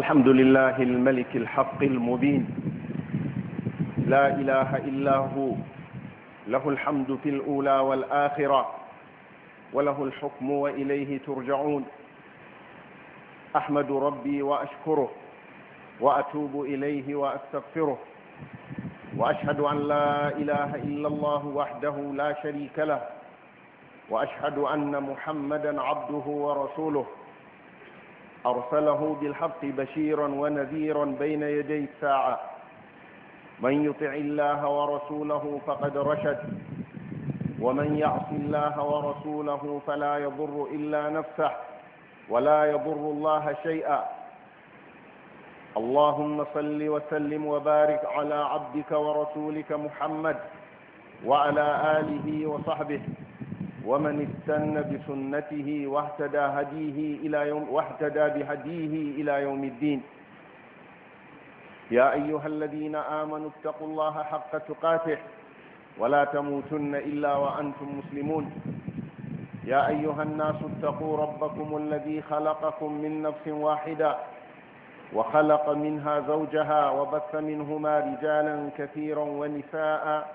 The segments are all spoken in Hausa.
الحمد لله الملك الحق المبين لا إله إلا هو له الحمد في الأولى والآخرة وله الحكم وإليه ترجعون أحمد ربي وأشكره وأتوب إليه وأستغفره وأشهد أن لا إله إلا الله وحده لا شريك له وأشهد أن محمدا عبده ورسوله أرسله بالحق بشيرا ونذيرا بين يدي الساعة من يطع الله ورسوله فقد رشد ومن يعص الله ورسوله فلا يضر إلا نفسه ولا يضر الله شيئا اللهم صل وسلم وبارك على عبدك ورسولك محمد وعلى آله وصحبه ومن استن بسنته واهتدى هديه إلى يوم واهتدى بهديه إلى يوم الدين يا أيها الذين آمنوا اتقوا الله حق تقاته ولا تموتن إلا وأنتم مسلمون يا أيها الناس اتقوا ربكم الذي خلقكم من نفس واحدة وخلق منها زوجها وبث منهما رجالا كثيرا ونساء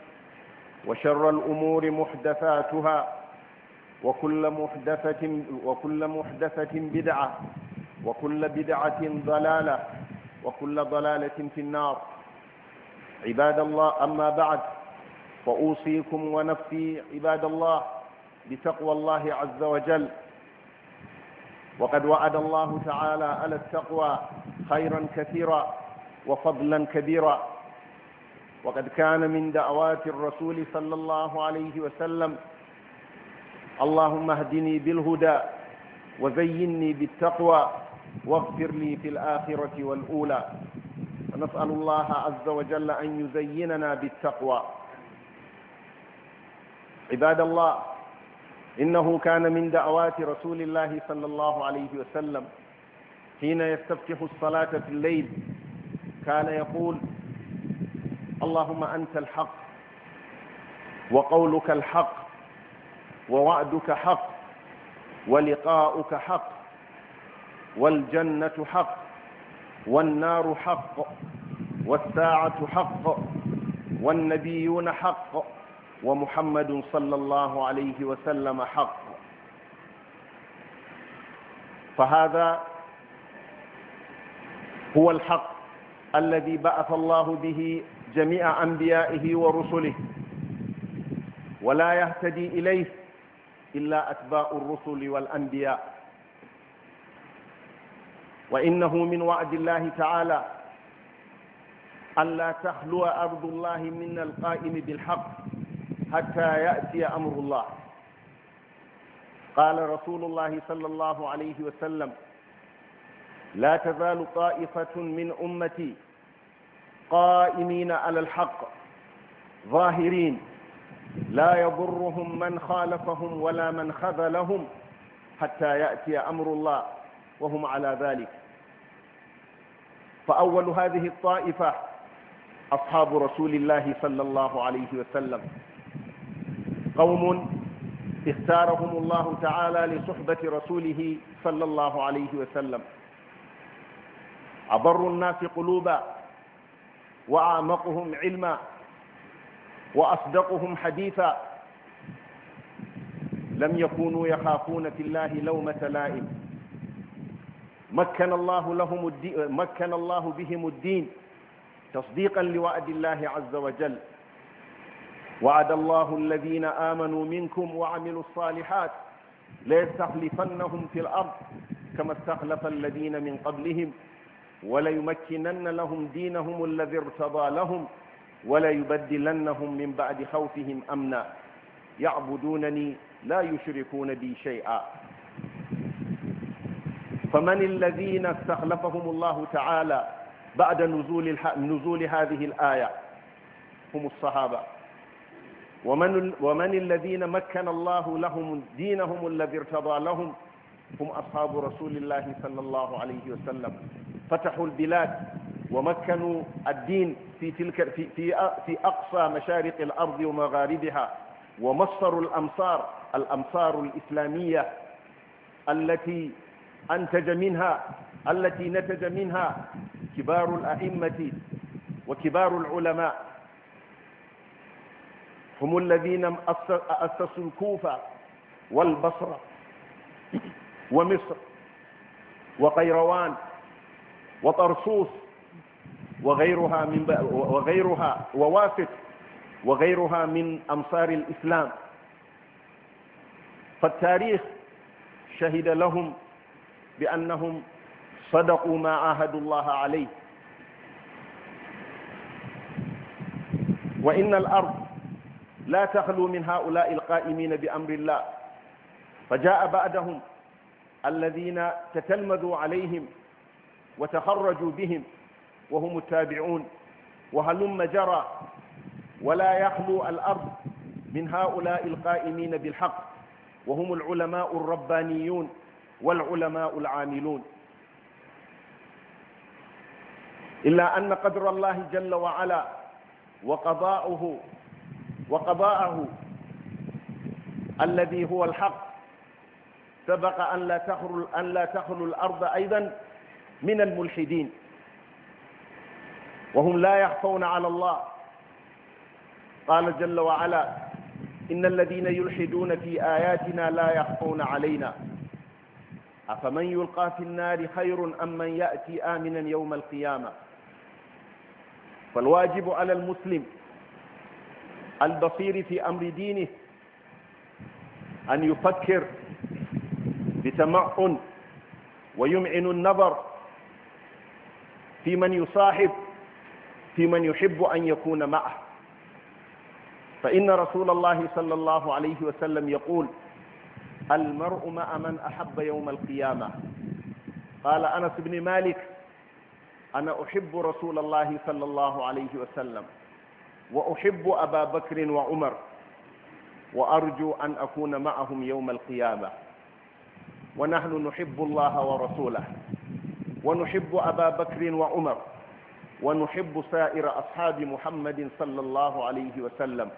وشر الأمور محدثاتها وكل محدثة, وكل محدثة بدعة وكل بدعة ضلالة وكل ضلالة في النار عباد الله أما بعد فأوصيكم ونفسي عباد الله بتقوى الله عز وجل وقد وعد الله تعالى على التقوى خيرا كثيرا وفضلا كبيرا وقد كان من دعوات الرسول صلى الله عليه وسلم اللهم اهدني بالهدى وزيني بالتقوى واغفر لي في الآخرة والأولى ونسأل الله عز وجل أن يزيننا بالتقوى عباد الله إنه كان من دعوات رسول الله صلى الله عليه وسلم حين يستفتح الصلاة في الليل كان يقول اللهم أنت الحق وقولك الحق ووعدك حق ولقاؤك حق والجنة حق والنار حق والساعة حق والنبيون حق ومحمد صلى الله عليه وسلم حق فهذا هو الحق الذي بعث الله به جميع أنبيائه ورسله ولا يهتدي إليه إلا أتباع الرسل والأنبياء وإنه من وعد الله تعالى ألا تخلو أرض الله من القائم بالحق حتى يأتي أمر الله قال رسول الله صلى الله عليه وسلم لا تزال طائفة من أمتي قائمين على الحق ظاهرين لا يضرهم من خالفهم ولا من خذلهم حتى يأتي أمر الله وهم على ذلك فأول هذه الطائفة أصحاب رسول الله صلى الله عليه وسلم قوم اختارهم الله تعالى لصحبة رسوله صلى الله عليه وسلم أبر الناس قلوبا وأعمقهم علما وأصدقهم حديثا لم يكونوا يخافون في الله لومة لائم مكن الله لهم الدين مكن الله بهم الدين تصديقا لوعد الله عز وجل وعد الله الذين آمنوا منكم وعملوا الصالحات ليستخلفنهم في الأرض كما استخلف الذين من قبلهم وليمكنن لهم دينهم الذي ارتضى لهم وليبدلنهم من بعد خوفهم امنا يعبدونني لا يشركون بي شيئا فمن الذين استخلفهم الله تعالى بعد نزول الح... نزول هذه الايه هم الصحابه ومن ومن الذين مكن الله لهم دينهم الذي ارتضى لهم هم اصحاب رسول الله صلى الله عليه وسلم فتحوا البلاد ومكنوا الدين في, تلك في, في, في أقصى مشارق الأرض ومغاربها ومصروا الأمصار الأمصار الإسلامية التي أنتج منها التي نتج منها كبار الأئمة وكبار العلماء هم الذين أسسوا الكوفة والبصرة ومصر وقيروان وطرسوس وغيرها من وغيرها ووافد وغيرها من أمصار الإسلام فالتاريخ شهد لهم بأنهم صدقوا ما عاهدوا الله عليه وإن الأرض لا تخلو من هؤلاء القائمين بأمر الله فجاء بعدهم الذين تتلمذوا عليهم وتخرجوا بهم وهم التابعون وهلم جرى ولا يخلو الأرض من هؤلاء القائمين بالحق وهم العلماء الربانيون والعلماء العاملون إلا أن قدر الله جل وعلا وقضاؤه وقضاءه الذي هو الحق سبق أن لا تخلو, أن لا تخلو الأرض أيضا من الملحدين وهم لا يخفون على الله قال جل وعلا إن الذين يلحدون في آياتنا لا يخفون علينا أفمن يلقى في النار خير أم من يأتي آمنا يوم القيامة فالواجب على المسلم البصير في أمر دينه أن يفكر بتمعن ويمعن النظر في من يصاحب في من يحب أن يكون معه فإن رسول الله صلى الله عليه وسلم يقول المرء مع من أحب يوم القيامة قال أنس بن مالك أنا أحب رسول الله صلى الله عليه وسلم وأحب أبا بكر وعمر وأرجو أن أكون معهم يوم القيامة ونحن نحب الله ورسوله ونحب أبا بكر وعمر ونحب سائر أصحاب محمد صلى الله عليه وسلم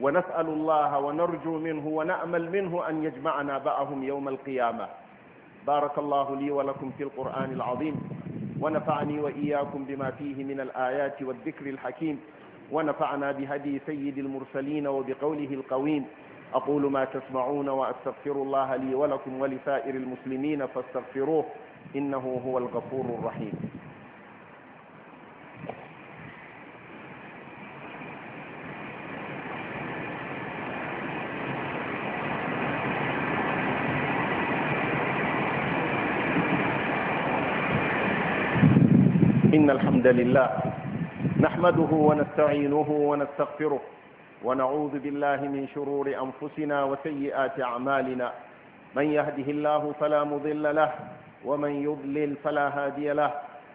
ونسأل الله ونرجو منه ونأمل منه أن يجمعنا بأهم يوم القيامة بارك الله لي ولكم في القرآن العظيم ونفعني وإياكم بما فيه من الآيات والذكر الحكيم ونفعنا بهدي سيد المرسلين وبقوله القويم أقول ما تسمعون وأستغفر الله لي ولكم ولسائر المسلمين فاستغفروه إنه هو الغفور الرحيم إن الحمد لله نحمده ونستعينه ونستغفره ونعوذ بالله من شرور أنفسنا وسيئات أعمالنا من يهده الله فلا مضل له ومن يضلل فلا هادي له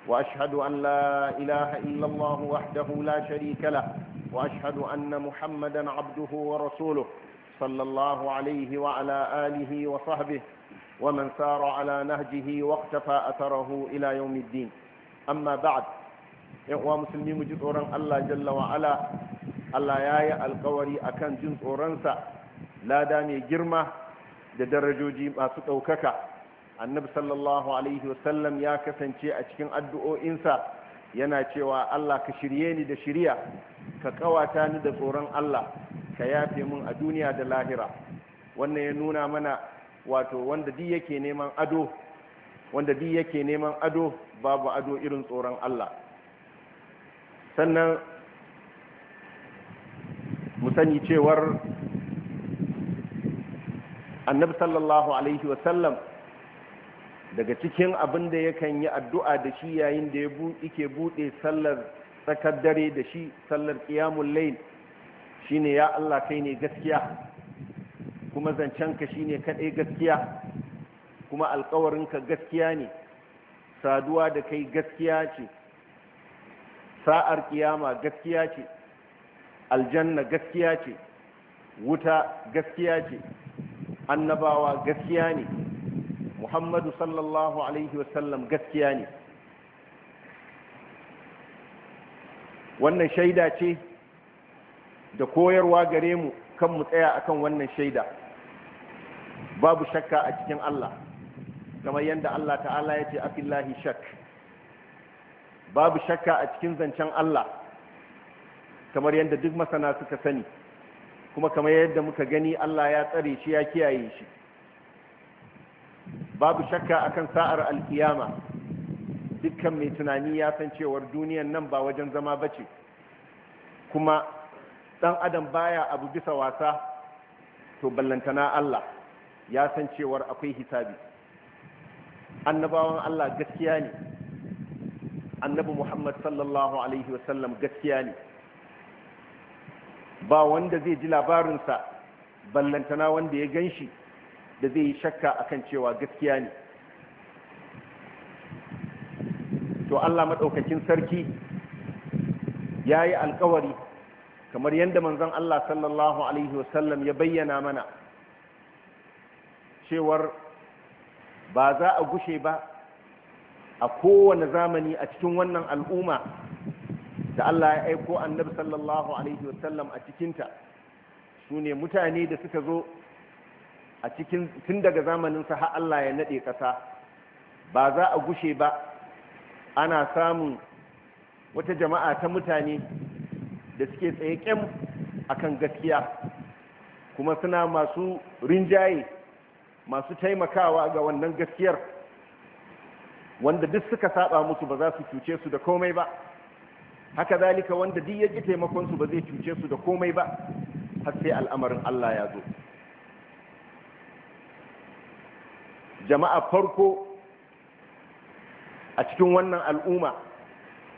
وأشهد أن لا إله إلا الله وحده لا شريك له وأشهد أن محمدا عبده ورسوله صلى الله عليه وعلى آله وصحبه ومن سار على نهجه واقتفى أثره إلى يوم الدين أما بعد إخوة مسلمين جزء الله جل وعلا الله يا يا القوري a جنس jin لا داني جرمة girma da darajoji annabi sallallahu alaihi wasallam ya kasance a cikin addu'o'insa yana cewa Allah ka shirye ni da shirya ka kawata ni da tsoron Allah ka yafe mun a duniya da lahira wannan ya nuna mana wato wanda duk yake neman ado wanda duk yake neman ado babu ado irin tsoron Allah sannan mu sani cewar annabi sallallahu alaihi wasallam daga cikin abin da yakan yi addu'a da shi yayin da yake buɗe sallar tsakar dare da shi sallar ƙiyamun shi ne, ya Allah kai ne gaskiya kuma zancenka shi ne kaɗai gaskiya kuma alkawarinka gaskiya ne saduwa da kai gaskiya ce sa'ar ƙiyama gaskiya ce aljanna gaskiya ce wuta gaskiya ce annabawa gaskiya ne muhammadu sallallahu alaihi wasallam gaskiya ne wannan shaida ce da koyarwa gare mu kan mu tsaya akan wannan shaida babu shakka a cikin Allah kamar yadda Allah ta'ala ya ce afillahi shak babu shakka a cikin zancen Allah kamar yadda duk masana suka sani kuma kamar yadda muka gani Allah ya tsare shi ya kiyaye shi babu shakka akan sa'ar alkiyama dukkan mai tunani ya san cewar duniyan nan ba wajen zama bace kuma dan adam baya abu bisa wasa to ballantana Allah ya san cewar akwai hisabi annabawan Allah gaskiya ne annabi Muhammad sallallahu alaihi wasallam gaskiya ne ba wanda zai ji labarinsa ballantana wanda ya ganshi. shi da zai yi shakka akan cewa gaskiya ne to Allah maɗaukakin sarki ya yi alkawari kamar yadda manzon Allah sallallahu alaihi wasallam ya bayyana mana cewar ba za a gushe ba a kowane zamani a cikin wannan al'umma da Allah ya aiko annabi sallallahu alaihi wasallam a cikinta su ne mutane da suka zo a cikin tun daga zamaninsa har Allah ya naɗe ƙasa ba za a gushe ba ana samun wata jama'a ta mutane da suke tsaye ƙyam a kan gaskiya kuma suna masu rinjaye masu taimakawa ga wannan gaskiyar wanda duk suka saba musu ba za su cuce su da komai ba haka zalika wanda duk ya ƙi taimakonsu ba zai cuce su da komai ba har sai al'amarin Allah ya zo jama'a farko a cikin wannan al'umma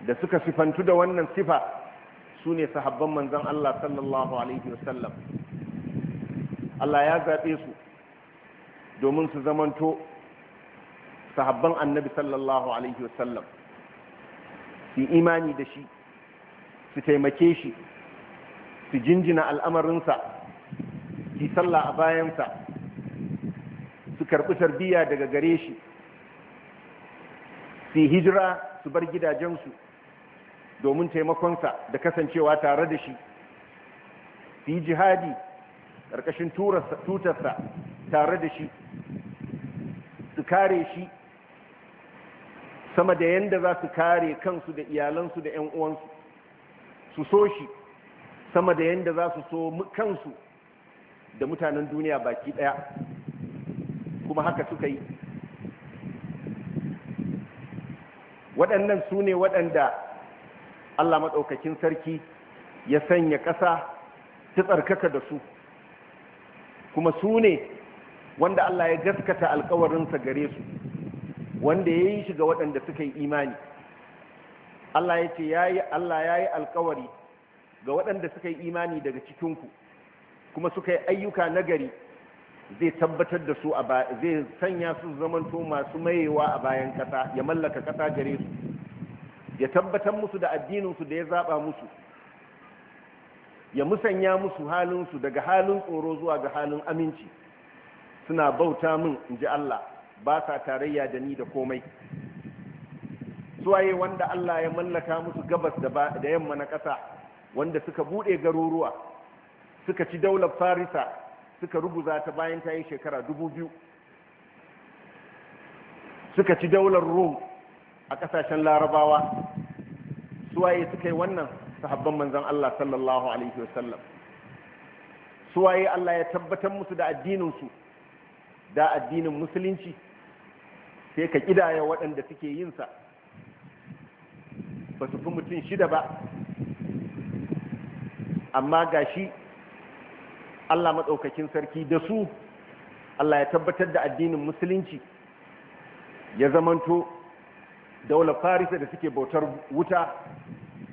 da suka sifantu da wannan sifa su ne sahabban manzan Allah sallallahu Alaihi wasallam Allah ya zaɓe su domin su zamanto sahabban annabi sallallahu Alaihi wasallam su imani da shi su taimake shi su jinjina al'amarinsa su sallah a bayansa karɓi tarbiyya daga gare shi su hijira su bar gidajensu domin taimakonsa da kasancewa tare da shi su yi jihadi ƙarƙashin tutarsa tare da shi su kare shi sama da yadda za su kare kansu da iyalansu da 'yan uwansu su so shi sama da yadda za su so kansu da mutanen duniya baki ɗaya kuma haka suka yi waɗannan su ne waɗanda allah maɗaukakin sarki ya sanya ƙasa ta tsarkaka da su kuma su ne wanda allah ya gaskata alkawarinsa gare su wanda ya yi shiga waɗanda suka yi imani allah ya ce allah ya yi alkawari ga waɗanda suka yi imani daga cikinku kuma suka yi ayyuka nagari zai tabbatar da su a baya. zai sanya su zamanto masu mayewa a bayan kasa ya mallaka kasa gare su ya tabbatar musu da addininsu da ya zaba musu ya musanya musu halinsu daga halin tsoro zuwa ga halin aminci suna bauta min in ji Allah ba sa tarayya da ni da komai suwaye wanda Allah ya mallaka musu gabas da yamma na ƙasa wanda suka buɗe garuruwa suka ci daular farisa suka ruguza ta bayan ta yi shekara dubu biyu suka ci daular rum a kasashen larabawa suwaye suka yi wannan sahabban manzan Allah sallallahu alaihi wasallam suwaye Allah ya tabbatar musu da addininsu da addinin musulunci sai ka kidaya waɗanda suke yinsa ba su fi mutum shida ba amma gashi Allah maɗaukakin sarki da su Allah ya tabbatar da addinin musulunci ya zamanto daular farisa da suke bautar wuta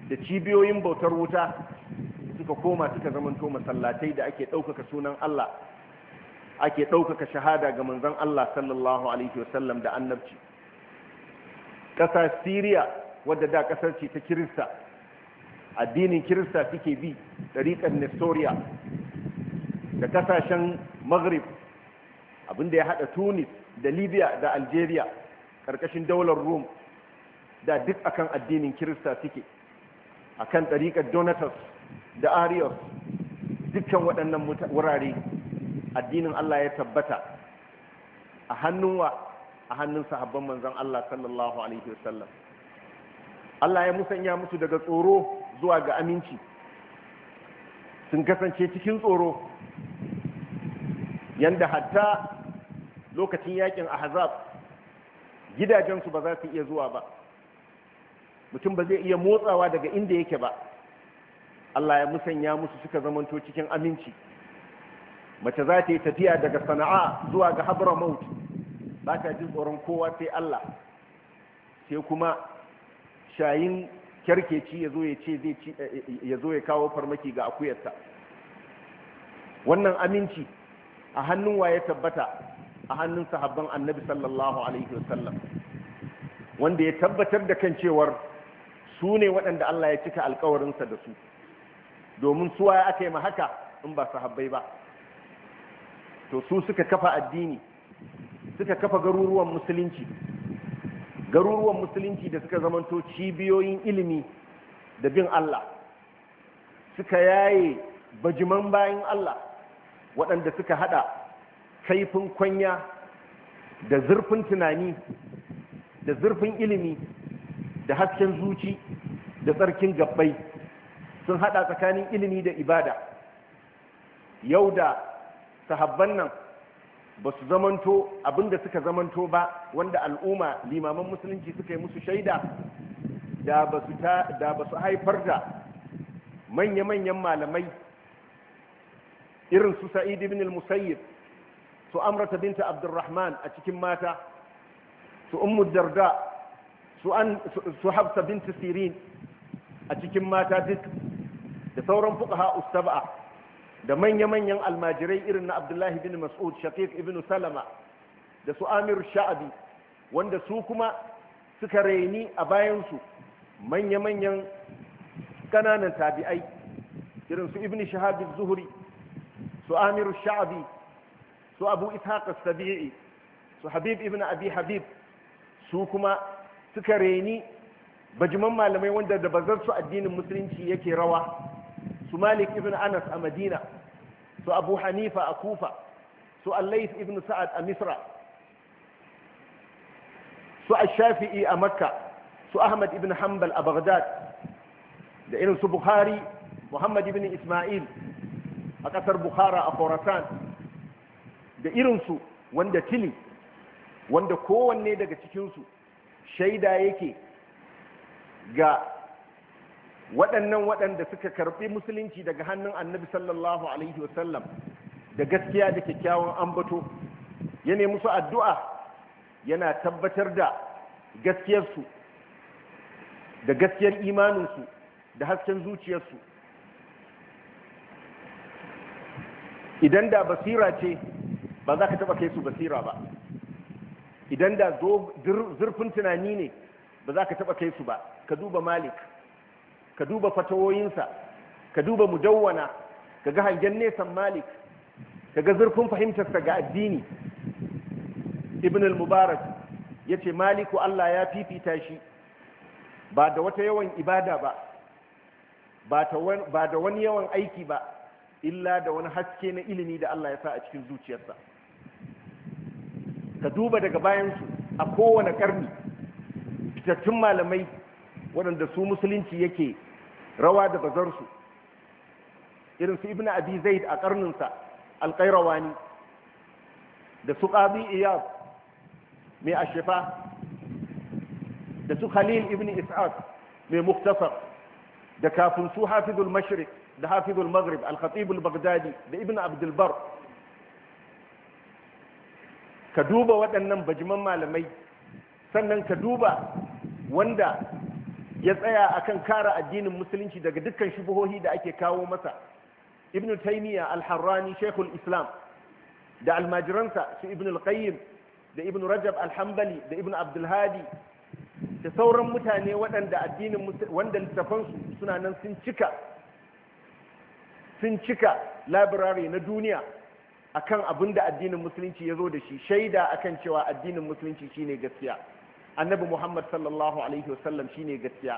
da cibiyoyin bautar wuta suka koma suka zamanto masallatai da ake ɗaukaka sunan Allah ake ɗaukaka shahada ga manzan Allah sallallahu alaihi wasallam da annabci ƙasa Siriya wadda da ƙasar ce ta Kirista addinin Kirista suke bi ɗariƙar Nestoria da kasashen maghrib abinda ya hada tunis da libya da algeria karkashin daular rome da duk akan addinin kirista suke akan ɗariƙar donatus da arius dukkan waɗannan wurare addinin allah ya tabbata a hannunwa a hannun sahabban manzan allah sallallahu alaihi wasallam allah ya musanya musu daga tsoro zuwa ga aminci sun kasance cikin tsoro yanda hatta lokacin yakin ahzab gidajensu ba za su iya zuwa ba mutum ba zai iya motsawa daga inda yake ba Allah ya musanya musu suka zamanto cikin aminci mace za ta yi tafiya daga sana'a zuwa ga habra mauti ba ta jin tsoron kowa sai Allah sai kuma shayin kyarkeci ya zo ya ce zai ya zo ya kawo farmaki ga akuyarta wannan aminci a hannun waye tabbata a hannun sahabban annabi sallallahu alaihi wasallam wanda ya tabbatar da kan cewar su ne waɗanda Allah ya cika alkawarinsa da su domin suwa ya aka yi haka in ba sahabbai ba to su suka kafa addini suka kafa garuruwan musulunci garuruwan musulunci da suka zamanto cibiyoyin ilimi da bin Allah suka yaye bajiman bayan Allah waɗanda suka haɗa kaifin kwanya da zurfin tunani da zurfin ilimi da hasken zuci da tsarkin gabbai sun haɗa tsakanin ilimi da ibada yau da sahabban nan ba su zamanto abinda suka zamanto ba wanda al'umma limaman musulunci suka yi musu shaida da ba su haifar da manya-manyan malamai irin su sa'id ibn al-musayyib su amrata binta abdurrahman a cikin mata su ummu darda su an su hafsa bint sirin a cikin mata duk da sauran fuqaha ustab'a da manya-manyan almajirai irin na abdullahi bin mas'ud shaqiq ibn salama da su amir sha'abi wanda su kuma suka raini a bayansu manya-manyan kananan tabi'ai irin su ibn shahab zuhri su amiru sha'abi su abu ishaq as-sabi'i su habib ibn abi habib su kuma suka reni bajiman malamai wanda da bazar su addinin musulunci yake rawa su malik ibn anas a madina su abu hanifa a kufa su allais ibn sa'ad a misra su ashafi'i shafii a makka su ahmad ibn hanbal a baghdad da irin su bukhari muhammad ibn isma'il a ƙasar bukhara a khorasan da irinsu wanda tili wanda kowanne daga cikinsu shaida yake ga waɗannan waɗanda suka karɓi musulunci daga hannun annabi sallallahu alaihi wasallam da gaskiya da kyakkyawan ambato ya nemi su addu'a yana tabbatar da gaskiyarsu da gaskiyar imaninsu da hasken zuciyarsu idan da basira ce ba za ka taba kai su basira ba idan da zurfin tunani ne ba za ka taba kai su ba ka duba malik ka duba fatawoyinsa ka duba mudawwana ka ga hangen nesan malik ka ga zurfin fahimtarsa ga addini ibn al-mubarak ya ce maliku allah ya fifita shi ba da wata yawan ibada ba ba da wani yawan aiki ba illa da wani haske na ilimi da Allah ya sa a cikin zuciyarsa ka duba daga bayansu a kowane karni fitattun malamai waɗanda su musulunci yake rawa da bazarsu irin su ibn abi zaid a karninsa alƙairawani da su ƙazi iyab mai ashefa, da su khalil ibn is'ad mai muktasar da kafin su hafizul mashriq da hafizul maghrib al baghdadi da ibn abdul bar ka duba waɗannan bajiman malamai sannan ka duba wanda ya tsaya akan kara addinin musulunci daga dukkan shubuhohi da ake kawo masa ibn taymiya al-harrani shaykhul islam da almajiransa su ibn al-qayyim da ibn rajab al-hanbali da ibn abdul hadi da sauran mutane waɗanda addinin wanda littafansu suna nan sun cika sun cika labirare na duniya akan abin da addinin musulunci ya zo da shi shaida akan cewa addinin musulunci shine gaskiya annabi muhammad sallallahu alaihi wasallam shine gaskiya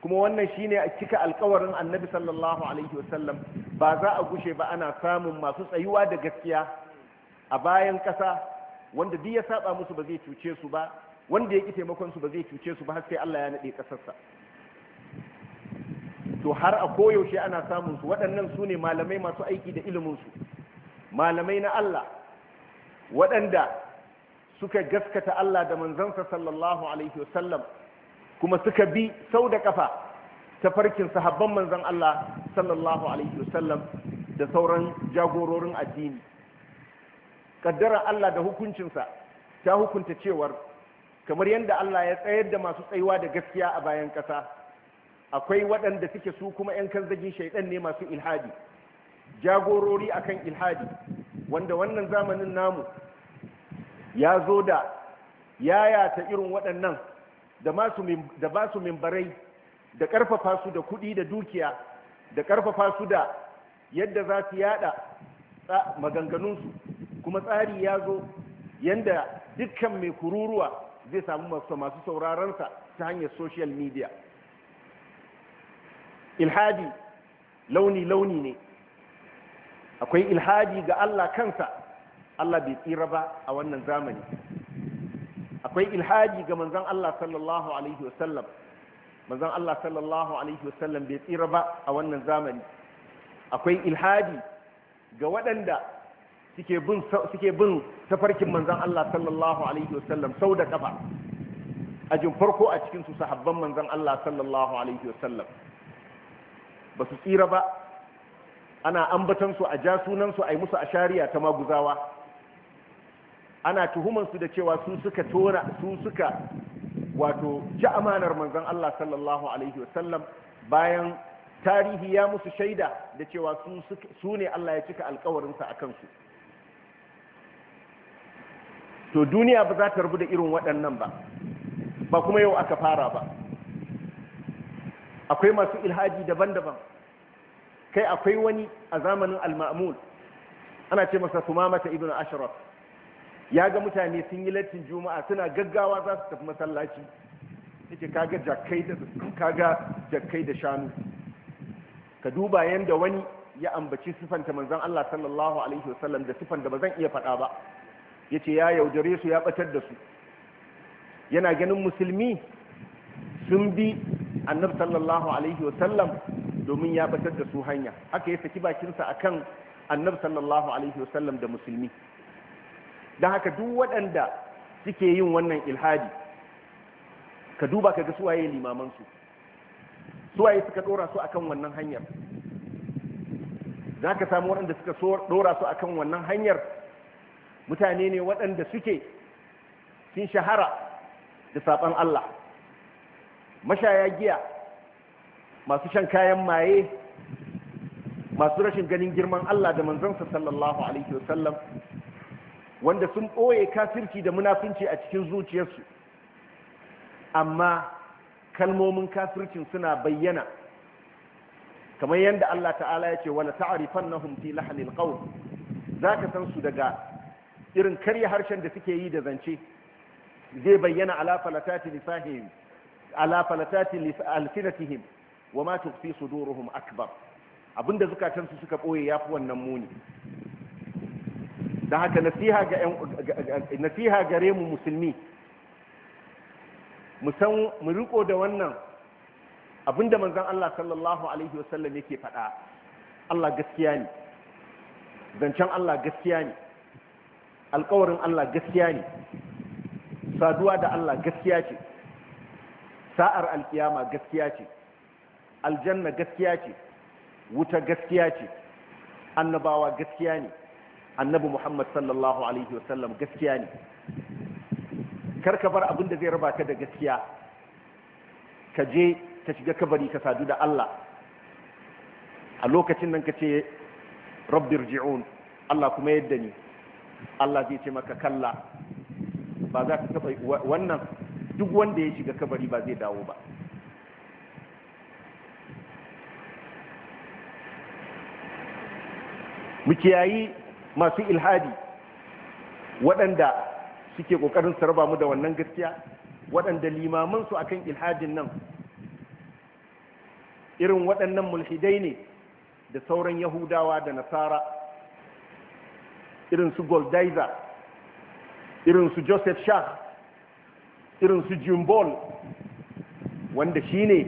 kuma wannan shine a cika alkawarin annabi sallallahu alaihi wasallam ba za a gushe ba ana samun masu tsayuwa da gaskiya a bayan ƙasa wanda duk ya saba musu ba zai cuce su ba wanda ya ki taimakon su ba zai cuce su ba har sai Allah ya naɗe kasarsa. to har a koyaushe ana samun su waɗannan su ne malamai masu aiki da iliminsu malamai na Allah waɗanda suka gaskata Allah da manzansa sallallahu alaihi wasallam kuma suka bi sau da kafa tafarkin sahabban manzan Allah sallallahu alaihi wasallam da sauran jagororin addini kaddara Allah da hukuncinsa ta hukunta cewar kamar yadda Allah ya tsayar da masu tsayuwa da gaskiya a bayan ƙasa akwai waɗanda suke su kuma 'yan kanzagin shaidan ne masu ilhadi jagorori akan ilhadi wanda wannan zamanin namu ya zo da yayata irin waɗannan da ba su mimbarai da ƙarfafa su da kuɗi da dukiya da ƙarfafa su da yadda za su yada maganganunsu kuma tsari ya zo yadda dukkan mai kururuwa zai samu masu sauraronsa ta hanyar social media ilhadi launi-launi ne akwai ilhadi ga Allah kansa Allah bai tsira ba a wannan zamani akwai ilhadi ga manzan Allah sallallahu alaihi wasallam manzan Allah sallallahu alaihi wasallam bai tsira ba a wannan zamani akwai ilhadi ga waɗanda suke bin tafarkin manzan Allah sallallahu alaihi wasallam sau da kafa ajin farko a cikin su sahabban manzan Allah sallallahu alaihi wasallam ba su tsira ba ana ambatansu a ja sunansu a yi musu ashariya ta maguzawa ana tuhumansu da cewa su suka tona su suka wato ci amanar manzon Allah sallallahu alaihi wasallam bayan tarihi ya musu shaida da cewa su ne Allah ya cika alkawarinsa a kansu to duniya ba za ta rabu da irin waɗannan ba ba kuma yau aka fara ba akwai masu ilhaji daban-daban kai akwai wani a zamanin al-ma'mun ana ce masa sumama ta ibnu ashraf ya ga mutane sun yi lattin juma'a suna gaggawa za su tafi masallaci yake kaga jakkai da kaga jakkai da shanu ka duba yanda wani ya ambaci ta manzon Allah sallallahu alaihi wasallam da sifan da bazan iya faɗa ba yace ya yaudare su ya batar da su yana ganin musulmi sun bi annabi sallallahu alaihi wa sallam domin ya batar da su hanya haka ya saki bakinsa akan annabi sallallahu alaihi wa sallam da musulmi don haka duk waɗanda suke yin wannan ilhadi ka duba ka ga suwaye limamansu suwaye suka ɗora su akan wannan hanyar za ka samu waɗanda suka ɗora su akan wannan hanyar mutane ne waɗanda suke sun shahara da saɓan Allah mashaya giya masu shan kayan maye masu rashin ganin girman Allah da manzansa sallallahu alaihi wasallam wanda sun ɓoye kafirci da munafinci a cikin zuciyarsu amma kalmomin kafircin suna bayyana kamar yadda Allah ta'ala ya ce wala ta'rifannahum fi lahnil qawl zaka san su daga irin karya harshen da suke yi da zance zai bayyana ala falatati lisahihim ala falatati alsinatihim wa ma tukfi suduruhum akbar abinda zukatansu suka boye yafi wannan muni da haka nasiha ga nasiha gare mu musulmi mu san mu riko da wannan abinda manzon Allah sallallahu alaihi wasallam yake faɗa Allah gaskiya ne zancen Allah gaskiya ne alkawarin Allah gaskiya ne saduwa da Allah gaskiya ce sa'ar alkiyama gaskiya ce aljanna gaskiya ce wuta gaskiya ce annabawa gaskiya ne annabi muhammad sallallahu alaihi wasallam gaskiya ne karka bar abin da zai raba ka da gaskiya ka je ka shiga kabari ka sadu da allah a lokacin nan ka ce rabbir ji'un allah kuma yadda ni allah zai ce maka kalla ba za ka taɓa wannan duk wanda ya shiga kabari ba zai dawo ba mu kiyayi masu ilhadi waɗanda suke ƙoƙarin su mu da wannan gaskiya waɗanda su akan ilhadin nan irin waɗannan mulhidai ne da sauran yahudawa da nasara irin su goldizer irin su joseph shah irin su jimbol wanda shi ne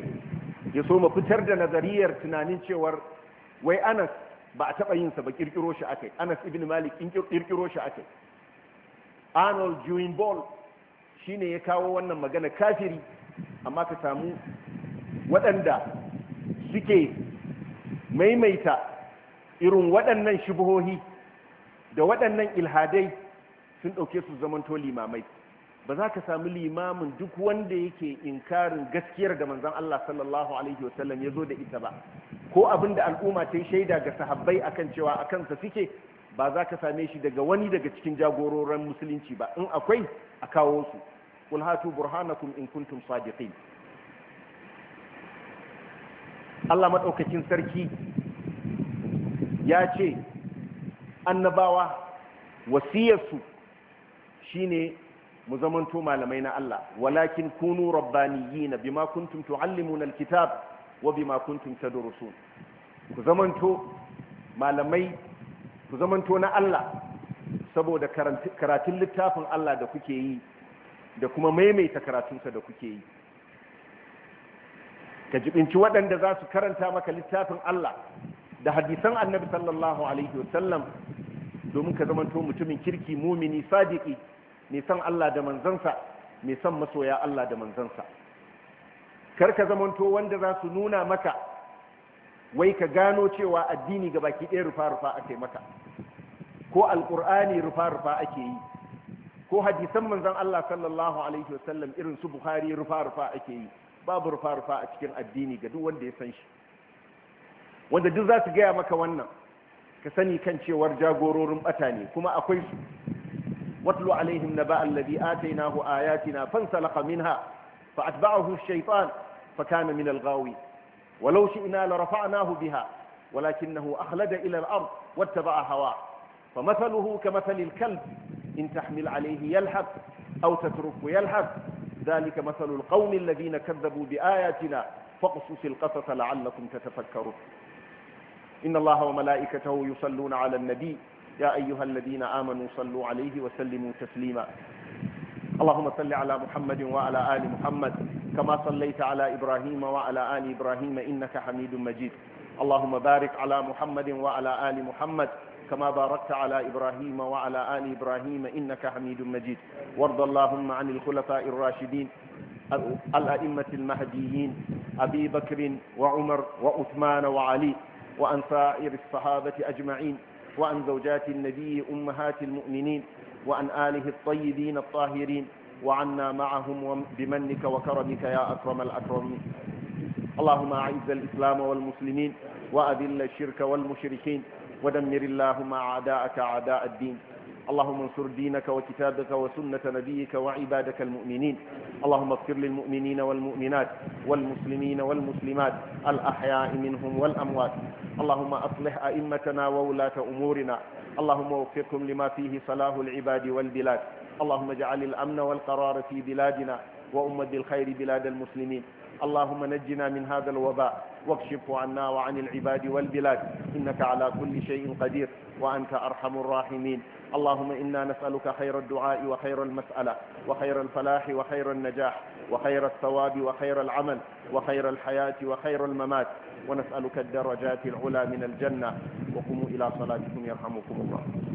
ya so ma fitar da nazariyar tunanin cewar wai anas ba a taɓa yinsa ba ƙirƙiro shi akai anas ibn malik ƙirƙiro shi akai arnold jimbol shi ne ya kawo wannan magana kafiri amma ka samu waɗanda suke maimaita irin waɗannan shibohi da waɗannan ilhadai sun ɗauke su zamanto limamai ba za ka samu limamin duk wanda yake inkarin gaskiyar da Manzan Allah sallallahu alaihi wasallam ya zo da ita ba ko abin da al'umma ta yi shaida ga sahabbai akan cewa a kansa suke ba za ka same shi daga wani daga cikin jagororin musulunci ba in akwai a kawo su kul hatu burhanakum in kuntum sadiqin Allah madaukakin sarki ya ce annabawa wasiyarsu shine mu zamanto malamai na Allah walakin kunu rabbaniyina bima kuntum tuallimuna alkitab wa bima kuntum tadrusun ku zamanto malamai ku zamanto na Allah saboda karatun littafin Allah da kuke yi da kuma maimaita karatunsa da kuke yi ka jibinci waɗanda za su karanta maka littafin Allah da hadisan annabi sallallahu alaihi wasallam domin ka zamanto mutumin kirki mumini sadiƙi. mai san Allah da manzansa mai san masoya Allah da manzansa kar ka zamanto wanda za su nuna maka wai ka gano cewa addini ga baki ɗaya rufa-rufa ake maka ko alƙur'ani rufa-rufa ake yi ko hadisan manzan Allah sallallahu alaihi wasallam irin su buhari rufa-rufa ake yi babu rufa-rufa a cikin addini ga duk wanda ya san shi wanda duk za su gaya maka wannan ka sani kan cewar jagororin bata ne kuma akwai su واتل عليهم نبأ الذي آتيناه آياتنا فانسلق منها فأتبعه الشيطان فكان من الغاوي ولو شئنا لرفعناه بها ولكنه أخلد إلى الأرض واتبع هواه فمثله كمثل الكلب إن تحمل عليه يلحق أو تتركه يلحق ذلك مثل القوم الذين كذبوا بآياتنا فاقصص القصص لعلكم تتفكرون إن الله وملائكته يصلون على النبي يا أيها الذين آمنوا صلوا عليه وسلموا تسليما اللهم صل على محمد وعلى آل محمد كما صليت على إبراهيم وعلى آل إبراهيم إنك حميد مجيد اللهم بارك على محمد وعلى آل محمد كما باركت على إبراهيم وعلى آل إبراهيم إنك حميد مجيد وارض اللهم عن الخلفاء الراشدين الأئمة المهديين أبي بكر وعمر وعثمان وعلي وأن سائر الصحابة أجمعين وعن زوجات النبي أمهات المؤمنين وعن آله الطيبين الطاهرين وعنا معهم بمنك وكرمك يا أكرم الأكرمين اللهم أعز الإسلام والمسلمين وأذل الشرك والمشركين ودمر اللهم أعداءك أعداء الدين اللهم انصر دينك وكتابك وسنة نبيك وعبادك المؤمنين اللهم اغفر للمؤمنين والمؤمنات والمسلمين والمسلمات الأحياء منهم والأموات اللهم أصلح أئمتنا وولاة أمورنا اللهم وفقهم لما فيه صلاح العباد والبلاد اللهم اجعل الأمن والقرار في بلادنا وأمة بالخير بلاد المسلمين اللهم نجنا من هذا الوباء واكشفه عنا وعن العباد والبلاد إنك على كل شيء قدير وأنت أرحم الراحمين اللهم إنا نسألك خير الدعاء وخير المسألة وخير الفلاح وخير النجاح وخير الثواب وخير العمل وخير الحياة وخير الممات ونسألك الدرجات العلى من الجنة وقوموا إلى صلاتكم يرحمكم الله